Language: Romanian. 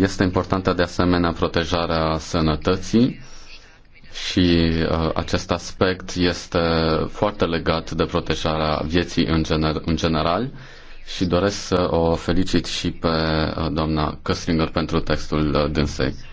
Este importantă de asemenea protejarea sănătății și uh, acest aspect este foarte legat de protejarea vieții în, gener- în general și doresc să o felicit și pe uh, doamna Căstringer pentru textul uh, dânsei.